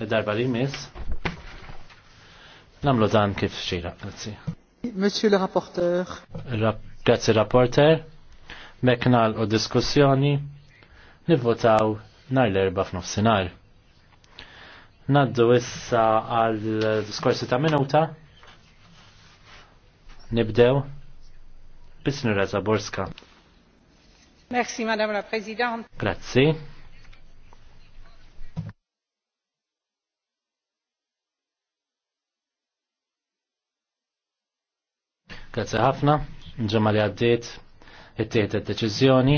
darba li jmiss. Namlu dan kif xira, grazzi. Monsieur le rapporteur. Grazzi rapporter. Meknal u diskussjoni. Nivvotaw nar l-erba f'nofsinar. Naddu issa għal diskorsi ta' minuta. Nibdew. Bisnura Borska. Merci, Madame la Présidente. Grazie. Grazie ħafna, ġemma li għaddiet, it-tiet deċiżjoni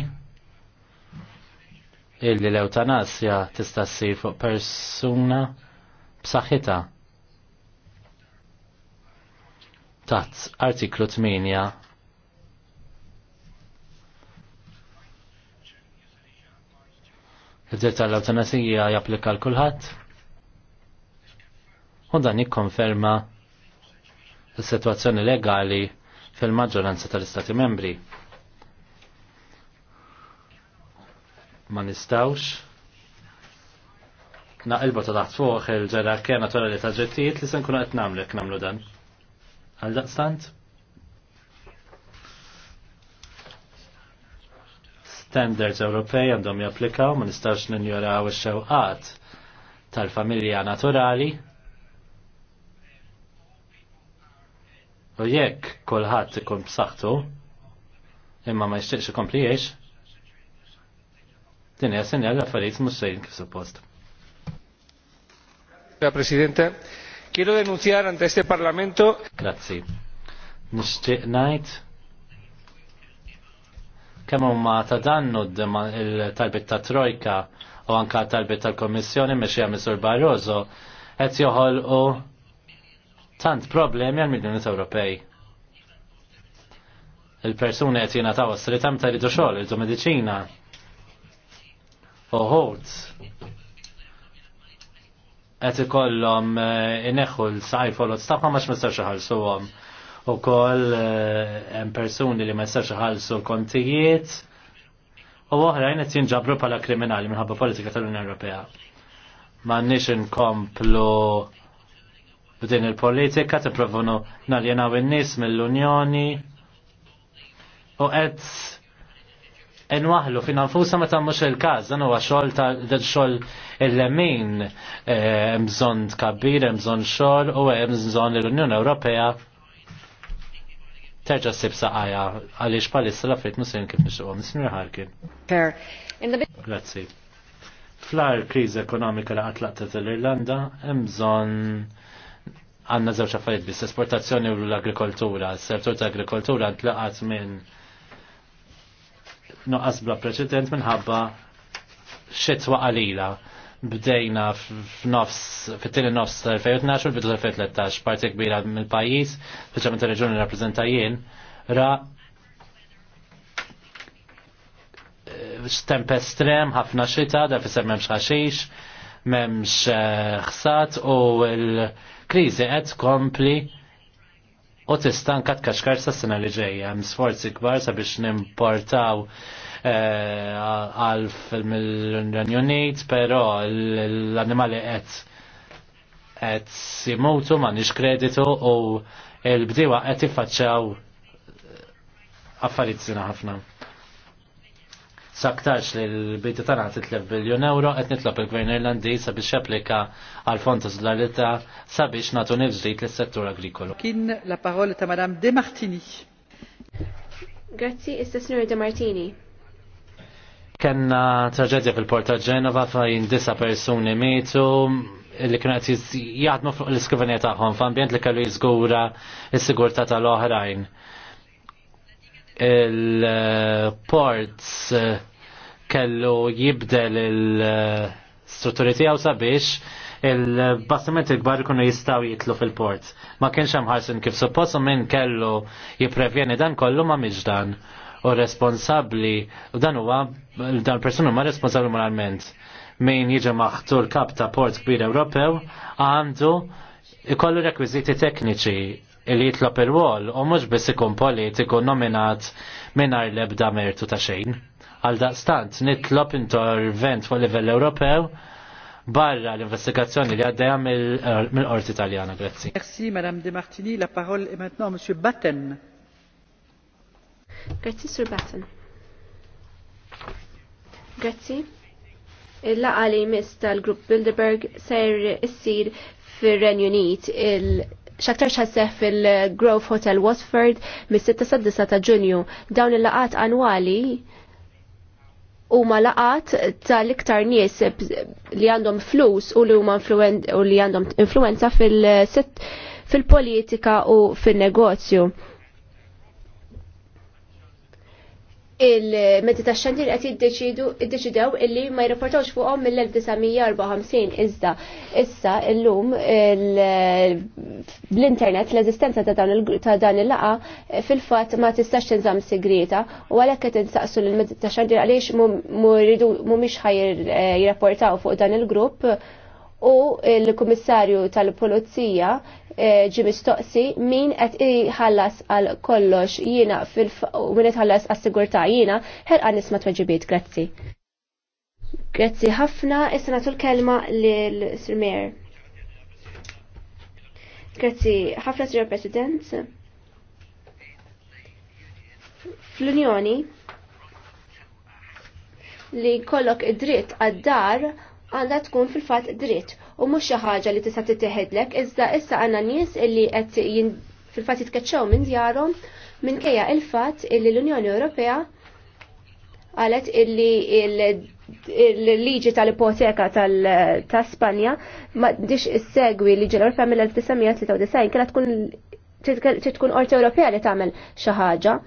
illi l-eutanasja tista' ssir fuq persuna b'saħħitha. Taħt artiklu 8 Id-dritt tal-eutanasija japplika l kulħadd u dan jikkonferma s-sitwazzjoni legali fil-maġġoranza tal-Istati membri. Ma nistawx naqilba ta' taħt fuq il-ġerarkija naturali ta' ġettijiet li se nkunu qed nagħmlu jekk nagħmlu dan. Għal daqstant? Standards Ewropej għandhom japplikaw ma nistax ninjoraw ix-xewqat tal-familja naturali U jekk kolħat ikun b'saħħtu, imma ma jixtieqx ikompli jgħix, din hija sinjal l-affarijiet mhux sejjin kif suppost. Herr Presidente, quiero denunciar ante este Parlamento. Grazzi. Nixtieq ngħid kemm huma ta' dannu il-talbit ta' Trojka u anka talbit tal-Kommissjoni mexija Misur Barroso qed joħolqu tant problemi għal miljoni Ewropej. Il-persuni qed jingħataw ta' wasri tam ta' ridu xogħol, ridu mediċina. Oħod qed ikollhom eh, ineħħu l-sajf u l-ostafa ma x'mistax iħallsuhom. Ukoll eh, hemm persuni li ma jistax iħallsu kontijiet u oħrajn qed jinġabru bħala kriminali minħabba politika tal-Unjoni Ewropea. Ma nix inkomplu b'din il-politika tipprovunu naljenaw in-nies mill-Unjoni u qed Enwaħlu fin anfusa ma mhux il-każ, dan huwa xogħol ta' xogħol il-lemin eh, hemm bżonn tkabbir, hemm bżonn xogħol u hemm bżonn l-Unjoni Ewropea terġa' ssib saqajja għaliex bħalissa l-Afrit Muslim kif nixtieqhom. Ismir ħarkin. Grazzi. Fl-ar kriżi ekonomika li qatlaqtet l-Irlanda hemm bżonn għanna zewċ affarijiet biss esportazzjoni u l-agrikoltura. S-settur ta' agrikoltura ntlaqat minn noqqas bla preċedent minħabba xitwa qalila. Bdejna f'nofs, fit-tieni nofs 2012 u bidu 2013, parti kbira mill-pajjiż, speċjalment ir-reġuni rappreżenta jien, ra temp estrem, ħafna xita, da fisser m'hemmx ħaxix, memx ħsat eh, u l- Kriżi qed tkompli u tistan katkaxkar sa sena li ġeja, sforzi kbar sabiex nimportaw eh, għalf mill-Unjoni Unit, però l animali qed għed simutu ma nix kreditu u l bdiwa qed iffaċċaw affarijiet ħafna saktarx li l-bidu tana titlef biljon euro, qed nitlob il-Gvern Irlandi sabiex japplika għal fond solidarità sabiex nagħtu nifżrit lis-settur agrikolo. Kien la parola ta' Madame De Martini. Grazzi, issa Signor De Martini. Kenna traġedja fil-Porta Ġenova fejn disa persuni mitu, li kienet jgħadmu fuq l-iskrivenja tagħhom f'ambjent li kellu jizgura s sigurta tal-oħrajn. Il-ports kellu jibdel il-strutturi tiegħu sabiex il-bastimenti il kbar ikunu jistaw jitlu fil-port. Ma kienx hemm ħarsin kif supposu minn kellu jiprevjeni dan kollu ma mhix dan u responsabbli u dan huwa dan persuna ma responsabbli moralment min jiġi l kap ta' port kbir Ewropew għandu ikollu rekwiziti tekniċi li jitlob per wol u mhux biss ikun politiku nominat mingħajr l-ebda mertu ta' xejn. Għal daqstant nitlob intervent fuq livell Ewropew barra l-investigazzjoni li għaddejja mill-Qorti Italjana. Grazzi. Merci, Madame De Martini. La parole est maintenant Monsieur Batten. Grazzi, Sur Batten. Grazzi. Il-laqa li jmiss tal-Grupp Bilderberg ser issir fir-Renju Unit il xaktar xasseħ fil-Grove Hotel Watford mis-6 9 ta' ġunju. Dawn il-laqat annwali u malaqat tal-iktar nies li għandhom flus u li huma u li għandhom influenza fil-politika u fil-negozju. fil politika u fil negozju il ta' xandir għati id-deċidew illi ma jirreportawx fuqom mill-1954 iżda issa illum l-internet l-eżistenza ta' dan il-laqa fil-fat ma tistax tinżam segreta u għalhekk qed insaqsu l-medita xandir għaliex mhumiex ħajr eh, jirreportaw fuq dan il-grupp u l-Kummissarju tal-Pulizija eh, ġi mistoqsi min qed iħallas għal kollox jiena fil min qed ħallas għas-sigurtà jiena ħerqa nisma' tweġibiet grazzi. Grazzi ħafna, issa nagħtu l-kelma lil Sir Mayor. Grazzi ħafna Sir President. Fl-Unjoni li kollok id-dritt għad-dar għandha tkun fil-fatt dritt u mhux xi ħaġa li tista' titieħedlek iżda issa għandna nies illi qed fil-fatt jitkeċċew minn djarhom minkejja il-fatt illi l-Unjoni Ewropea qalet illi il-liġi tal-ipoteka tal-Spanja ma dix segwi li l-Ewropea mill-1993 kienet tkun tkun Qorti Ewropea li tagħmel xi ħaġa.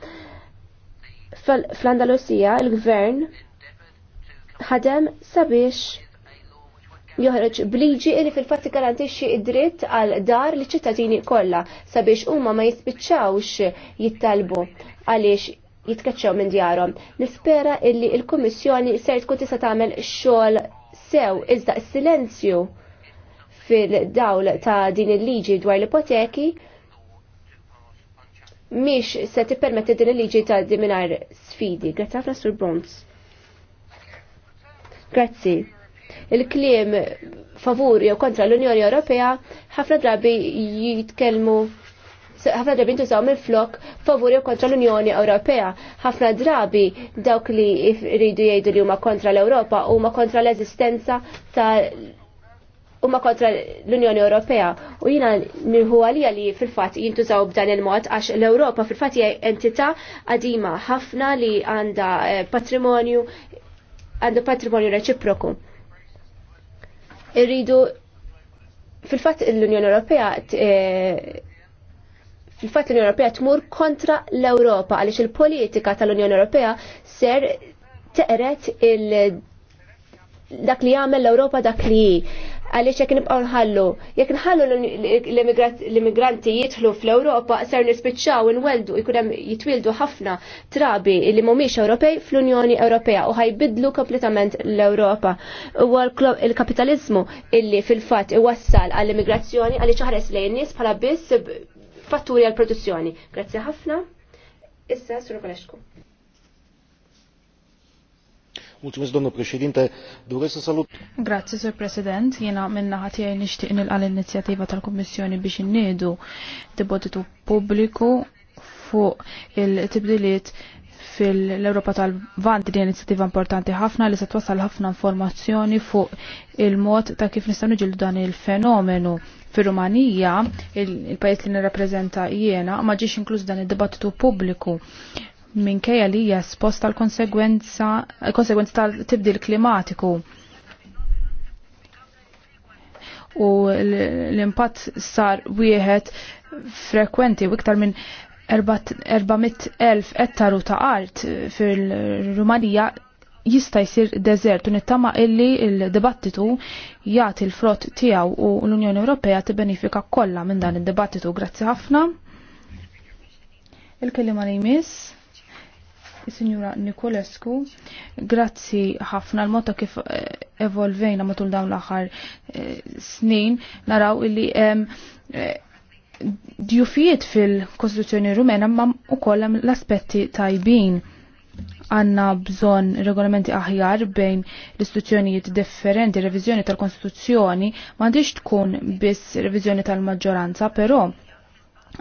Fl-Andalusija il-Gvern ħadem sabiex joħroġ bliġi li fil-fatt garantixxi id-dritt għal dar li ċittadini kollha sabiex huma ma jispiċċawx jittalbu għaliex jitkaċċaw minn djarhom. Nispera illi il-Kummissjoni ser tkun tista' tagħmel xogħol sew iżda s-silenzju fil-dawl ta' din il-liġi dwar l-ipoteki miex se tippermetti din il-liġi ta' diminar sfidi. Grazzi ħafna Sur Bronz. Grazzi il-kliem favur jew kontra l-Unjoni Ewropea ħafna drabi jitkellmu ħafna drabi jintużaw mill-flok favur jew kontra l-Unjoni Ewropea. Ħafna drabi dawk li jridu jgħidu li huma kontra l-Ewropa huma kontra l-eżistenza ta' huma kontra l-Unjoni Ewropea u jina nirħu għalija li fil-fatt jintużaw b'dan il-mod għax l-Ewropa fil-fatt hija entità qadima ħafna li għandha eh, patrimonju għandu patrimonju reċiproku irridu fil-fatt l-Unjoni Ewropea eh, fil-fatt l-Unjoni Ewropea tmur kontra l-Ewropa għaliex il-politika tal-Unjoni Ewropea ser teqret il- dak li jagħmel l-Ewropa dak li għaliex jekk nibqgħu nħallu, jekk nħallu l-immigranti jidħlu fl-Ewropa ser nispiċċaw nweldu jkun jitwildu ħafna trabi li mhumiex Ewropej fl-Unjoni Ewropea u ħajbidlu kompletament l-Ewropa. U il kapitaliżmu illi fil-fatt iwassal għall-immigrazzjoni għaliex ħares lejn nies bħala biss fatturi għall-produzzjoni. Grazzi ħafna. Issa, Sur Kolesku. Mulțumesc, domnul Grazie, sir president. Jena minna ħatijaj nishtiq nilqal għal inizjativa tal-Kommissjoni biex innedu dibattitu pubbliku fuq il-tibdiliet fil-Europa tal-Vant din inizjattiva importanti ħafna li se twassal ħafna informazzjoni fuq il-mod ta' kif nistgħu niġildu dan il-fenomenu. Fir-Rumanija, il-pajjiż li nirrappreżenta jiena, ma ġiex inkluż dan id-dibattitu pubbliku minkejja li hija esposta l konsegwenza tal-tibdil klimatiku. U l-impatt sar wieħed frekwenti u iktar minn 400.000 ettaru ta' art fil-Rumanija jista' jsir deżert u nittama illi il-dibattitu jagħti l-frott tiegħu u l-Unjoni Ewropea tibbenifika kollha minn dan id-dibattitu. Grazzi ħafna. Il-kelima li jmiss. Signora Nikolescu, grazzi ħafna l motta kif eh, evolvejna matul dawn l-aħħar eh, snin, naraw illi eh, djufijiet fil-Kostituzzjoni Rumena ma kollam l-aspetti tajbin għanna bżon regolamenti aħjar bejn l-istituzzjonijiet differenti, revizjoni tal-Kostituzzjoni, m'għandix tkun biss revizjoni tal-maġġoranza, però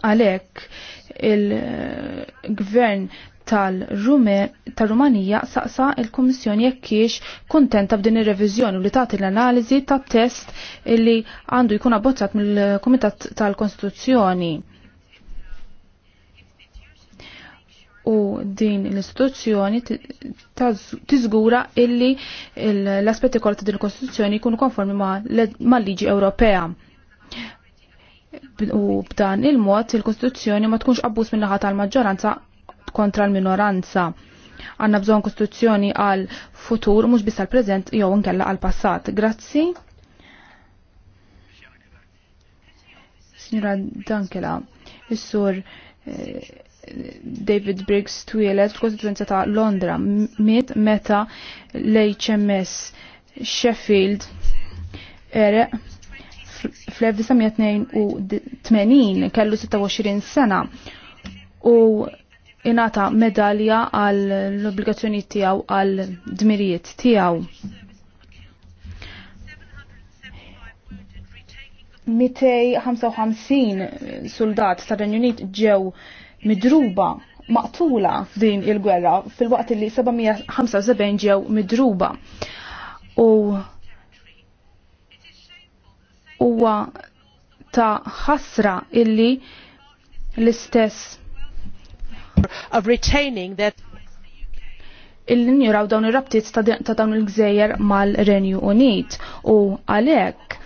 għalhekk il-gvern tal-Rumanija saqsa il-Kummissjoni jekk kiex kuntenta b'din ir-reviżjoni u li tagħti l-analiżi tat-test li għandu jkun abbozzat mill-Kumitat tal-Kostituzzjoni. U din l-istituzzjoni tiżgura illi l-aspetti kollha din il-Kostituzzjoni jkunu konformi mal liġi Ewropea u b'dan il-mod il-Kostituzzjoni ma tkunx abbuż min-naħa tal-maġġoranza kontra l-minoranza. Għanna bżon kostituzzjoni għal futur, mux bis għal prezent jew nkella għal passat. Grazzi. Signora Dankela, is sur David Briggs twielet fil-Kostituenza ta' Londra mid meta l-HMS Sheffield ere fl-1982 kellu 26 sena u inata medalja għal l-obbligazzjoni tiegħu għal dmirijiet tiegħu. 255 soldat tar Unit ġew midruba maqtula f'din il-gwerra fil-waqt li 775 ġew midruba. U huwa ta' ħasra illi l-istess of retaining that il-ninjuraw dawn ir-rabtiet ta' dawn il-gżejjer mal-Renju Unit u għalhekk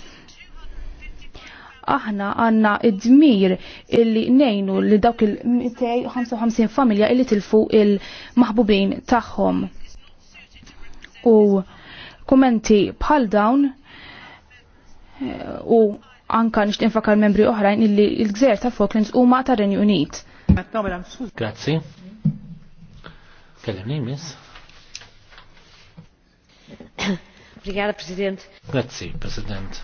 aħna għanna id-dmir illi nejnu li dawk il-255 familja illi tilfu il-maħbubin tagħhom. U kumenti bħal dawn eh, u anka nixtieq infakar membri oħrajn illi il gżer ta' Falklands u ma' ta' Renju Unit. Grazzi. Kellem nimis. Brigada President. Grazzi, President.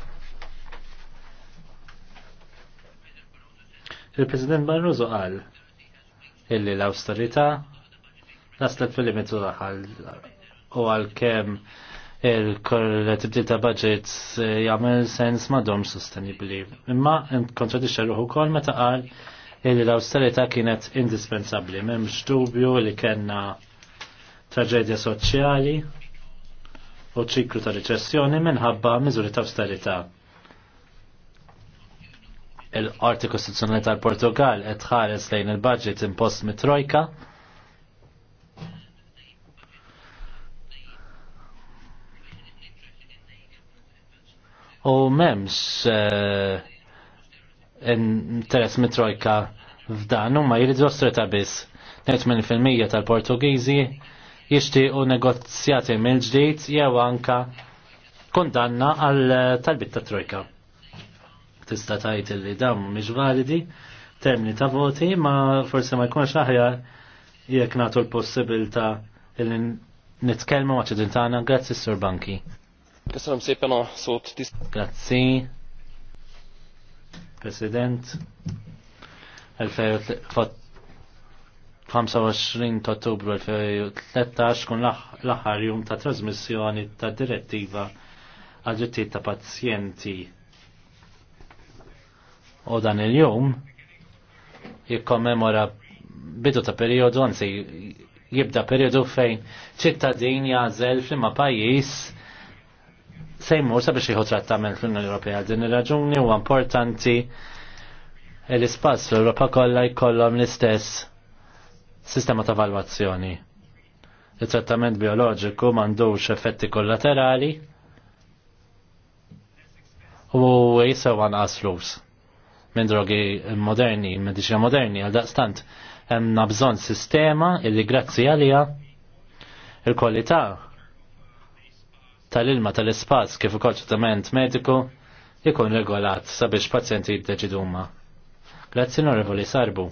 Il-President Barroso għal illi l austerita naslet fil-limitu l u għal kem il-korretibdi ta' budget eh, jagħmel sens madhom sostenibbli. Imma kontradisċa ruħu wkoll meta qal li l austerita kienet indispensabbli, m'hemmx dubju li kellna traġedja soċjali u ċiklu ta' riċessjoni minħabba miżuri ta' austerita. Il-Qorti Kostituzzjonali tal-Portugal qed ħares lejn il-budget impost mit-Trojka u memx eh, interess mit-trojka f'dan u ma jridu ostreta biss. mill-fil-mija tal-Portugiżi jixtiequ negozjati mill-ġdid jew anka kondanna għal eh, talbit ta' trojka. Tista' tajt li dawn mhumiex validi termini ta' voti ma forse ma jkunx aħjar jekk nagħtu l-possibilta' il nitkellmu ma' tagħna grazzi Sur Banki. Köszönöm szépen a szót. Grazzi. President. 25 ta' 2013 kun l-aħħar jum ta' trasmissjoni ta' direttiva għal drittijiet ta' pazjenti. U dan il-jum jikkommemora bidu ta' periodu, anzi jibda periodu fejn ċittadin jażel flimma pajjiż sejmur sabiex jieħu trattament fl-Unjoni Ewropea din ir-raġuni huwa importanti e l-ispazz l-Ewropa kollha jkollhom l-istess sistema ta' valwazzjoni. Il-trattament bioloġiku m'għandux effetti kollaterali u jisew għanqas flus minn drogi moderni, medicina moderni, għal daqstant hemm bżonn sistema illi grazzi għalija il-kwalità tal-ilma tal-ispazz kif ukoll trattament mediku jkun regolat sabiex pazjenti jiddeċidu huma. Grazzi onorevoli Sarbu.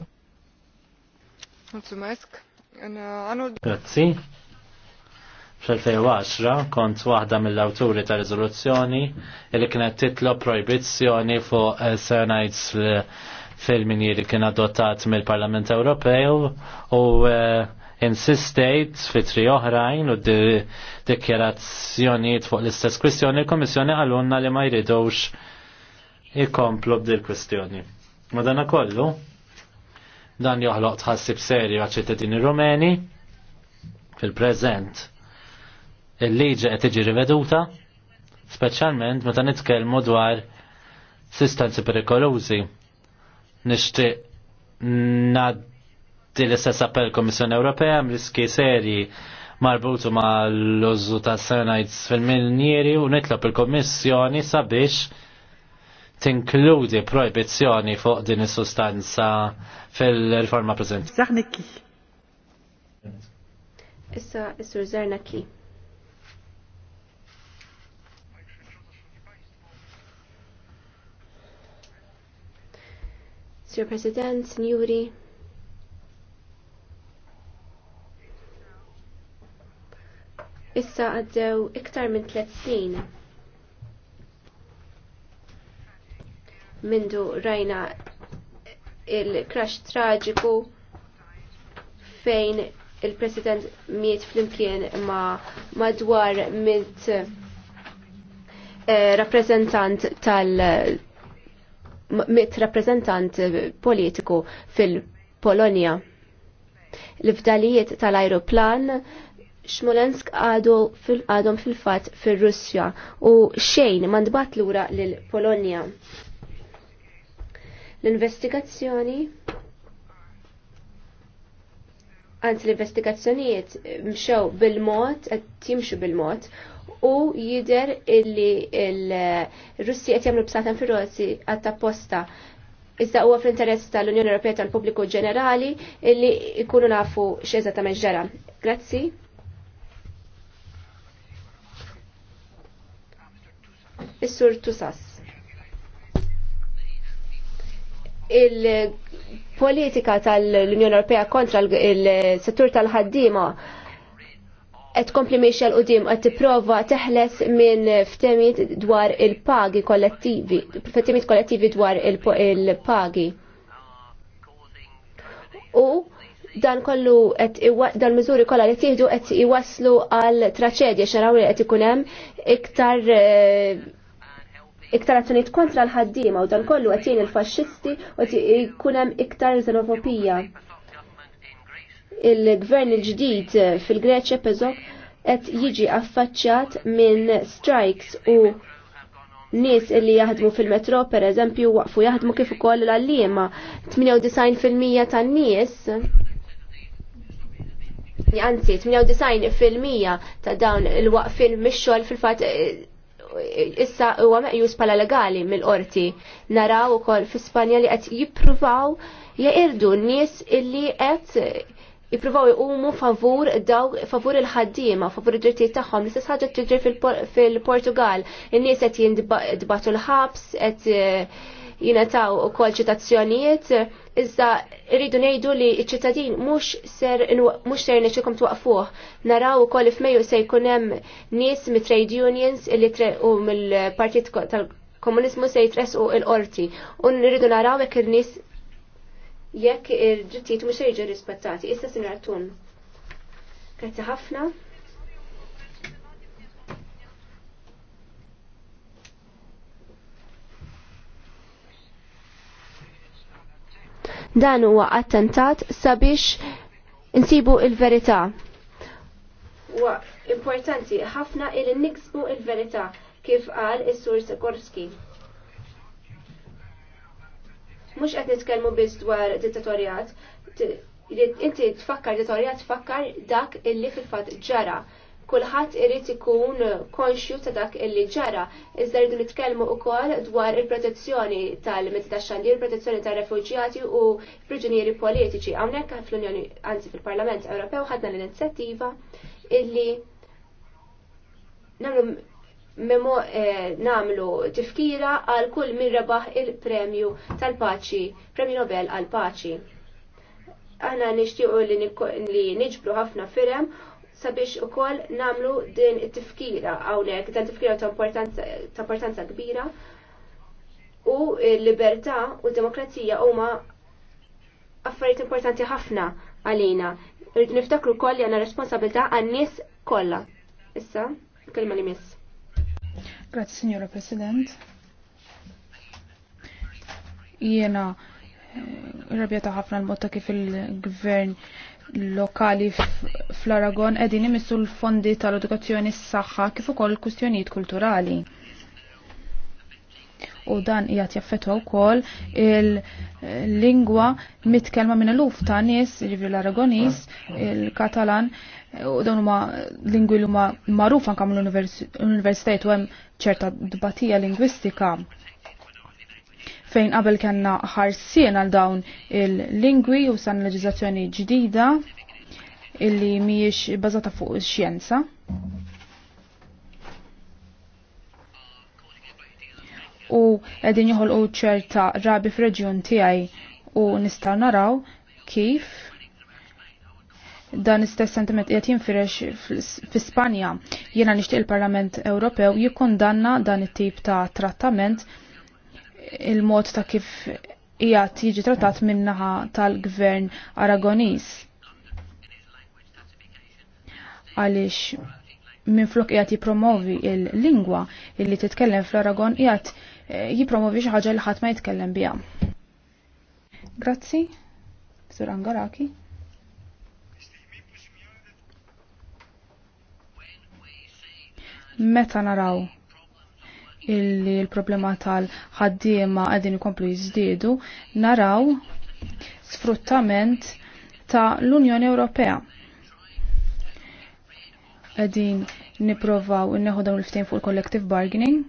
Uh, Grazzi. Fl-2010 kont waħda mill-awturi ta' riżoluzzjoni li kienet titlob proibizzjoni fuq eh, Sernajts eh, fil-minjiri kien adottat mill-Parlament Ewropew u uh, insistejt fitri oħrajn u d-dekjerazzjoniet fuq l-istess kwistjoni, il-Komissjoni għalunna li ma jridux ikomplu b'dil kwistjoni. dana kollu, dan joħloq tħassib serju għal-ċittadini rumeni fil-preżent. Il-liġi qed tiġi riveduta, speċjalment meta nitkellmu dwar sistanzi perikolużi. Nixtieq nad Nibatti l-istess appell Komissjoni Ewropea mriski seri marbutu ma l-użu ta' cyanide fil-minjeri u nitlob il-Komissjoni sabiex tinkludi proibizzjoni fuq din is-sustanza fil-riforma preżenti. Saħniki. Issa is-sur Zarnaki. Sir President, Signori, issa għaddew iktar minn tliet snin. Mindu rajna il-crash traġiku fejn il-President miet flimkien ma madwar mit eh, rappresentant tal mit rappresentant politiku fil-Polonja. L-fdalijiet tal-ajruplan Smolensk għadu għadhom fil-fat fil-Russja u xejn mandbat lura l-Polonja. L-investigazzjoni Anzi l-investigazzjonijiet mxew bil-mod, qed jimxu bil-mod, u jider illi il-Russi qed jagħmlu bsatan fil-Russi għatta posta. Iżda huwa fl-interess tal-Unjoni Ewropea tal-Pubbliku Ġenerali illi jkunu nafu x'eżattament ġara. Grazzi. is-Sur Tusas. Il-politika tal-Unjoni Ewropea kontra il-settur tal-ħaddiema qed tkompli miex l-qudiem qed tipprova teħles minn ftemiet dwar il-pagi kollettivi, ftemiet kollettivi dwar il-pagi. U dan kollu dan miżuri kollha li tieħdu qed iwasslu għal traċedja xaraw li qed ikun hemm iktar eh, iktar azzjonijiet kontra l-ħaddiema u dan kollu qed il-faxxisti u jkun hemm iktar xenofobija. Il-gvern il-ġdid fil-Greċja peżok qed jiġi affaċċjat minn strikes u nies illi jaħdmu fil-metro per eżempju waqfu jaħdmu kif ukoll l-għalliema 98% tan-nies Anzi, 98% ta' dawn il-waqfin mix-xogħol fil-fatt issa huwa meqjus pala legali mill-qorti. Naraw ukoll fl-Ispanja li qed jippruvaw jeqirdu n-nies illi qed jippruvaw iqumu favur daw favur il-ħaddiema, favur id-drittijiet tagħhom. L-istess ħaġa tiġri fil-Portugal. In-nies qed jindbatu l-ħabs, qed jinetaw u kol ċitazzjonijiet, iżda rridu nejdu li ċittadin mux ser, mux ser neċekom tuqfuħ. Naraw u kol f'meju se jkunem nis mit trade unions illi tre u mill-partit tal-komunizmu se jitresqu il-qorti. Un rridu naraw jekk il-nis jekk il-ġittijiet mux se jġu rispettati. Issa sinu tun. Grazie ħafna. Dan huwa attentat sabiex insibu il-verità. Huwa importanti ħafna il niksbu il-verità kif qal is-Sur Sikorski. Mhux qed nitkellmu biss dwar dittatorjat, inti tfakkar dittatorjat tfakkar dak illi fil-fatt ġara kulħadd irid ikun konxju ta' dak illi ġara. Iżda rridu nitkellmu wkoll dwar il-protezzjoni tal-mezzi tax-xandir, il-protezzjoni tar-refuġjati u priġunieri politiċi. Hawnhekk fl-Unjoni anzi fil-Parlament Ewropew ħadna l-inizjattiva illi nagħmlu memo eh, namlu tifkira għal kull min rebaħ il-premju tal-paċi, premju Nobel għal-paċi. Aħna nixtiequ li niġbru ħafna firem sabiex u kol namlu din it-tifkira għawnek, dan tifkira ta' importanza kbira u l-libertà u demokrazija huma affarijiet importanti ħafna għalina. Rrid niftakru kol li għandna responsabilità għan-nies kollha. Issa, kelma li miss. Grazzi, Signora President. Jiena eh, rabjata ħafna l motta kif il-gvern lokali fl-Aragon edin imissu l-fondi tal-edukazzjoni s-saxħa kif ukoll kustjonijiet kulturali. U dan jgħat jaffetwa wkoll il-lingwa mitkelma minn eluf ta' nies, ġivri jiġifieri l-Aragonis, il-Katalan, u dawn huma lingwi li huma magħrufa anke mill universitet u hemm ċerta dbatija lingwistika fejn qabel kanna ħarsien għal dawn il-lingwi u san leġizazzjoni ġdida illi miex bazata fuq xjenza. U għedin juħol u ċerta rabi f'reġjun tiegħi u nistgħu naraw kif dan istess sentiment qed jinfirex fi Spanja. Jiena nixtieq il-Parlament Ewropew jikkundanna dan it-tip ta' trattament il-mod ta' kif hija tiġi trattat minnaħa tal-gvern Aragonis. Għaliex minflok qiegħed jippromovi il-lingwa illi titkellem fl-Aragon qiegħed eh, jippromovi xi ħaġa li ħadd ma jitkellem biha. Grazzi, Sur Angaraki. Meta naraw illi l-problema tal-ħaddiema għadin ikomplu jizdidu, naraw sfruttament ta' l-Unjoni Ewropea. Għadin niprovaw inneħu dawn il-ftejn fuq il-collective bargaining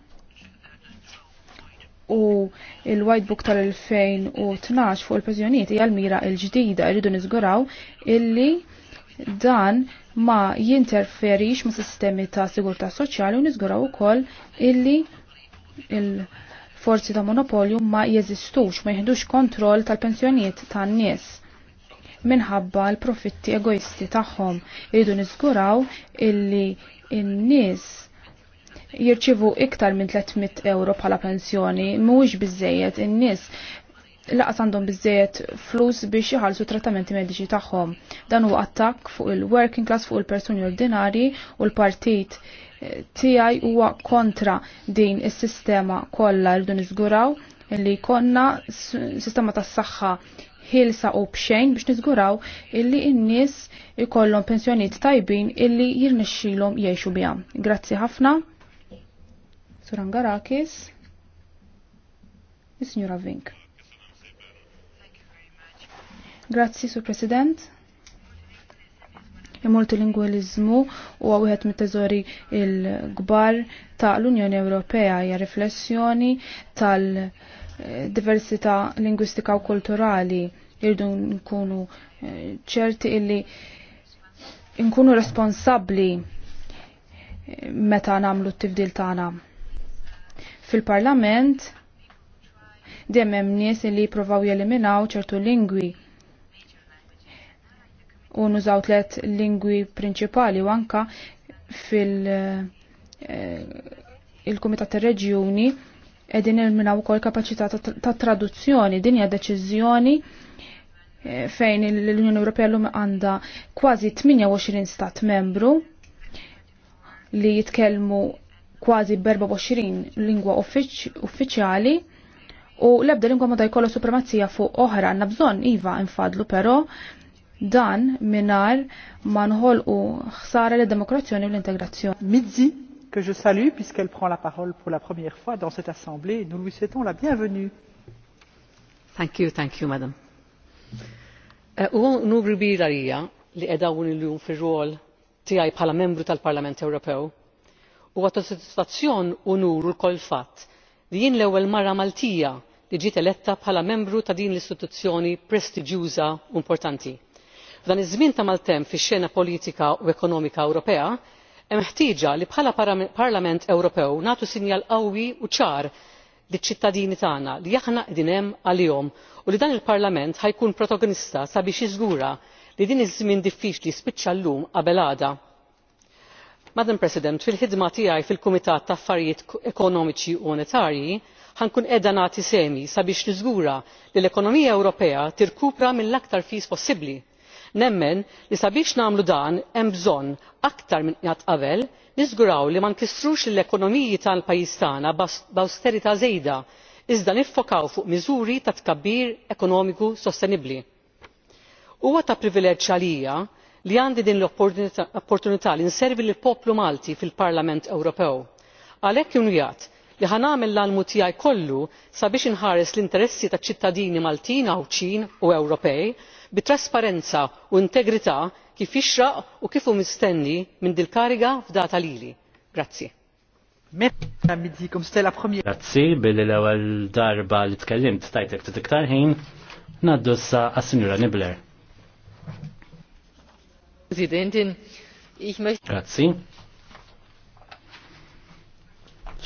u il-White Book tal-2012 fuq il prezjoniet hija l-mira l-ġdida rridu niżguraw illi dan ma jinterferix ma' sistemi ta' sigurtà soċjali u niżguraw ukoll illi il-forzi ta' monopolju ma jeżistux, ma jihdux kontroll tal-pensjoniet tan-nies minħabba l-profitti egoisti tagħhom. Iridu niżguraw illi n-nies jirċivu iktar minn 300 euro bħala pensjoni, mhuwiex biżejjed in-nies laqas għandhom biżejjed flus biex jħalsu trattamenti mediċi tagħhom. Dan huwa attakk fuq il-working class fuq il-persuni ordinari u l-partit tijaj huwa kontra din is-sistema kollha rridu niżguraw illi konna sistema tas-saħħa ħilsa u bxejn biex nizguraw illi n-nies ikollhom pensjoniet tajbin illi jirnexxilhom jgħixu biha. Grazzi ħafna. Garakis. Is-Sinjura Vink. Grazzi, Sur President. Il-multilingualizmu huwa wieħed mit-teżori il-kbar ta' l-Unjoni Ewropea hija riflessjoni tal-diversità lingwistika u kulturali irdu nkunu eh, ċerti illi nkunu responsabbli eh, meta nagħmlu t-tifdil tagħna. Fil-Parlament dejjem hemm nies li jippruvaw jeliminaw ċertu lingwi u nużaw tlet lingwi prinċipali u anka fil- eh, il-Kumitat Reġjuni edin il-minaw kol kapacità ta' traduzzjoni, din hija deċiżjoni eh, fejn l-Unjoni Ewropea l-lum għanda kważi 28 stat membru li jitkellmu kważi 24 lingwa uffiċjali u l-ebda lingwa ma jkollha supremazija fuq oħra għanna bżon, iva infadlu però dan minar manħol u xsara li demokrazzjoni u l-integrazzjoni. Mizzi, que je salue puisqu'elle prend la parole pour la première fois dans cette assemblée, nous lui souhaitons la bienvenue. Thank you, thank you, madam. Eh, u nu gbira li edawun il-lum fi rol tijaj pala membru tal-Parlament Ewropew u għata sodisfazzjon u nur l-kol fatt li jien l-ewwel marra Maltija li ġiet eletta bħala membru ta' din l-istituzzjoni prestiġjuża u importanti f'dan iż-żmien ta' maltemp fix-xena politika u ekonomika ewropea hemm ħtieġa li bħala parlament ewropew nagħtu sinjal qawwi u ċar liċ-ċittadini tagħna li aħna qegħdin hemm għalihom u li dan il-parlament ħajkun protagonista sabiex jiżgura li din iż-żmien diffiċli spiċċa llum qabel għada. Madam President, fil-ħidma tiegħi fil-Kumitat ta' Affarijiet Ekonomiċi u Monetarji ħankun qiegħda nagħti semi sabiex niżgura li l-ekonomija Ewropea tirkupra mill-aktar fis possibbli nemmen li sabiex nagħmlu dan hemm bżonn aktar minn qatt qabel niżguraw li ma nkissrux lill-ekonomiji tal-pajjiż tagħna b'awsterita żejda iżda niffokaw fuq miżuri ta' tkabbir ekonomiku sostenibbli. huwa ta' privileġġ għalija li għandi din l-opportunità li nservi lill poplu malti fil parlament ewropew għalhekk inwigħad li ħa nagħmel l-almu tiegħi kollu sabiex inħares l-interessi taċ-ċittadini maltin għawčin u ewropej bi trasparenza u integrità kif jixraq u kif hu mistenni minn din il-kariga fdata lili. Grazzi. Grazzi billi l-ewwel darba li tkellimt tajtek ftit iktar ħin ngħaddu issa għas-Sinjura Nibler. Grazzi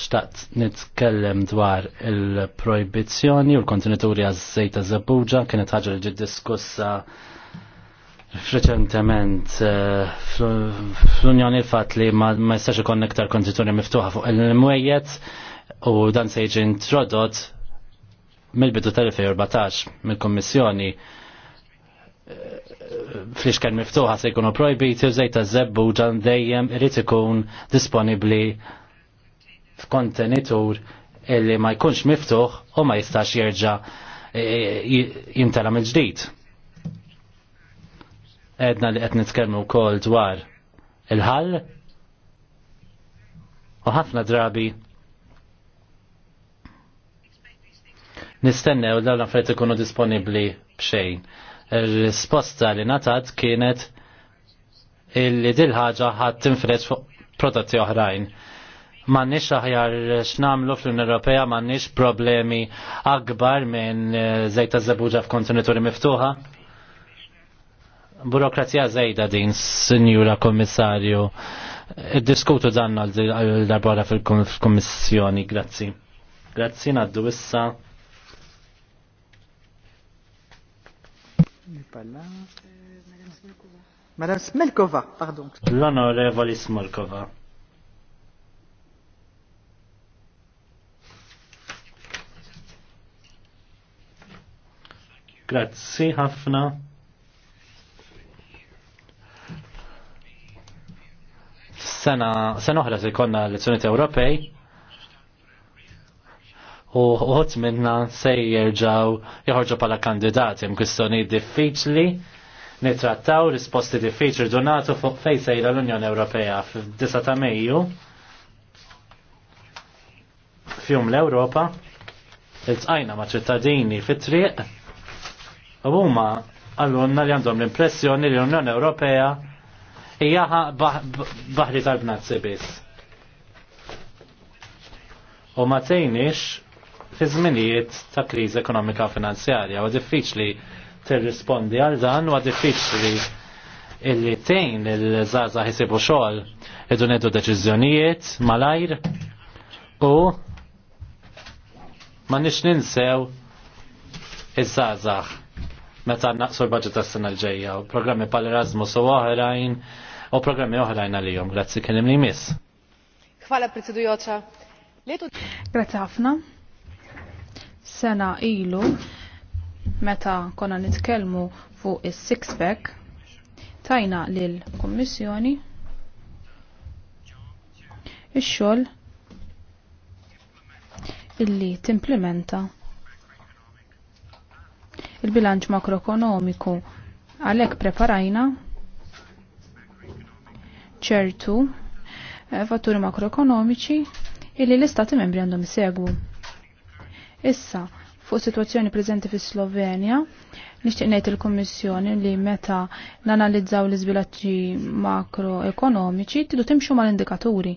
xtaqt nitkellem dwar il-projbizzjoni u l-kontenituri għaż-żejta zabuġa kienet ħaġa li ġid diskussa Reċentement, eh, fl-Unjoni l-fat li ma jistax ikon iktar kontiturja miftuħa fuq il-mwejjed u dan se jiġi introdott mill-bidu tal-2014 mill-Kommissjoni eh, fl kien miftuħa se jkunu projbiti u zejta zebbu ġan dejjem irrid ikun disponibli f'kontenitur illi ma jkunx miftuħ u ma jistax jerġa e, e, jimtala mill ġdid Edna li qed nitkellmu wkoll dwar il-ħall u ħafna drabi nistennew l dawn affarijiet ikunu disponibbli b'xejn. Ir-risposta li natat kienet illi dil ħaġa ħadd tinfred fuq prodotti oħrajn mannix aħjar x'namlu fl-Unjoni Ewropea mannix problemi akbar minn eh, zejta zabuġa f'kontenituri miftuħa. Burokrazija zejda din, Sinjura Kommissarju. Eh, diskutu dan għal darbora fil-Kommissjoni, grazzi. Grazzi naddu issa. Madam Smelkova, pardon. L-onorevoli Smelkova. Grazzi ħafna. Sena, sena oħra se konna l-elezzjoniet Ewropej u uħut minna se jirġaw jħorġu pala kandidati mkwistjoni diffiċli nitrattaw risposti diffiċli donatu fuq fejsej l-Unjoni Ewropea 9 ta' Mejju fjum l-Ewropa il-tqajna ma' ċittadini fit-triq U huma għallunna li għandhom l-impressjoni li l-Unjoni Ewropea hija baħri tal-bnazzi biss. U ma tgħinix fi żminijiet ta' kriżi ekonomika finanzjarja u diffiċli tirrispondi għal dan u diffiċli illi tejn il-żaza ħisibu xogħol idu ngħidu deċiżjonijiet malajr u ma nix ninsew iż-żazax meta naqsu l-budget tas sena l-ġejja u programmi pal Erasmus u oħrajn u programmi oħrajn għalihom. Grazzi kellim li miss. prezidu joċa. Grazzi ħafna. Sena ilu meta konna nitkellmu fuq is-six-pack tajna lil kommissjoni ix-xogħol illi timplementa il-bilanċ makroekonomiku. Għalhekk preparajna ċertu eh, fatturi makroekonomiċi illi l-istati membri għandhom isegwu. Issa, fuq situazzjoni preżenti fis slovenja nixtieq ngħid il-Kummissjoni li meta nanalizzaw l-iżbilaċċi makroekonomiċi tidu timxu mal-indikaturi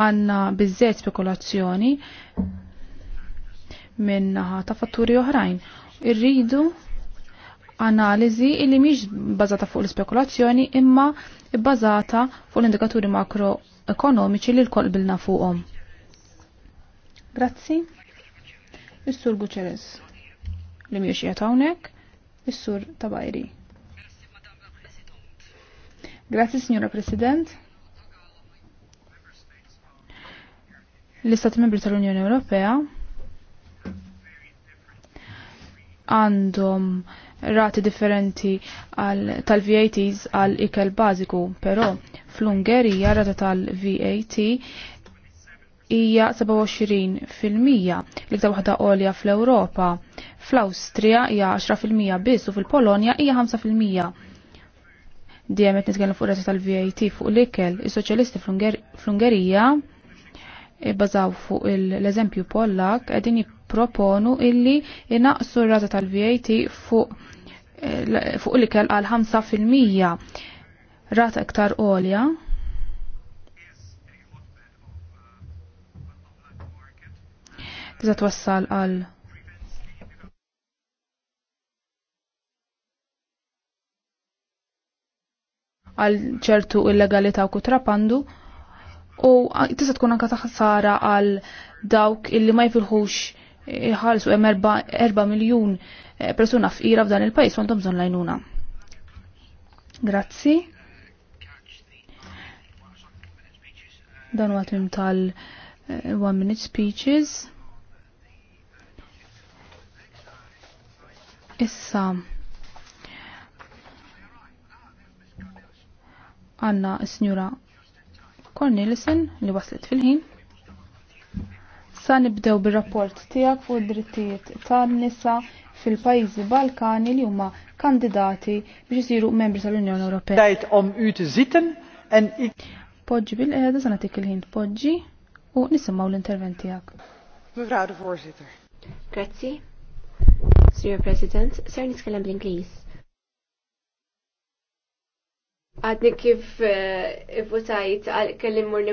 għanna bizzejt spekulazzjoni minn ta' fatturi oħrajn. Irridu analiżi illi mhix bbażata fuq l-spekulazzjoni imma bbażata fuq l-indikaturi makroekonomiċi li l-kol bilna fuqhom. Grazzi. Is-sur Guċeres li miex jgħatawnek. hawnhekk, is-sur Tabajri. Grazzi, Signora President. L-Istati Membri tal-Unjoni Ewropea għandhom rati differenti tal-VATs għal ikel bażiku, però fl-Ungerija rata tal-VAT hija 27% l-iktar waħda għolja fl-Ewropa. Fl-Awstrija hija 10% biss u fil-Polonja hija 5%. Dejjem qed nitkellem fuq rata tal-VAT fuq l-ikel, is-soċjalisti fl-Ungerija bbażaw fuq l-eżempju Pollak qegħdin jipproponu illi inaqsu r-rata tal-VAT fuq eh, fuq li kell għal 5% rata iktar olja. Tista' twassal għal għal ċertu illegalità u kutrapandu u tista' tkun anka taħsara għal dawk illi ma jfilħux ħalsu hemm 4 miljun eh, persuna f'ira f'dan il-pajjiż għandhom bżonn lajnuna. Grazzi. Dan huwa tim tal eh, one minute speeches. Issa Anna, s-snjura Cornelison li waslet fil-ħin. Issa nibdew bir-rapport tiegħek fuq id-drittijiet tan-nisa fil-pajjiżi Balkani li huma kandidati biex isiru membri tal-Unjoni Ewropea. Dajt om u zitten en Poġġi bil-qiegħda se nagħtik il-ħin poġġi u nisimgħu l-intervent tiegħek. Mevrouw de voorzitter. Grazzi. Sir President, ser nitkellem bl-Ingliż. Għadni kif eh, votajt kellim morni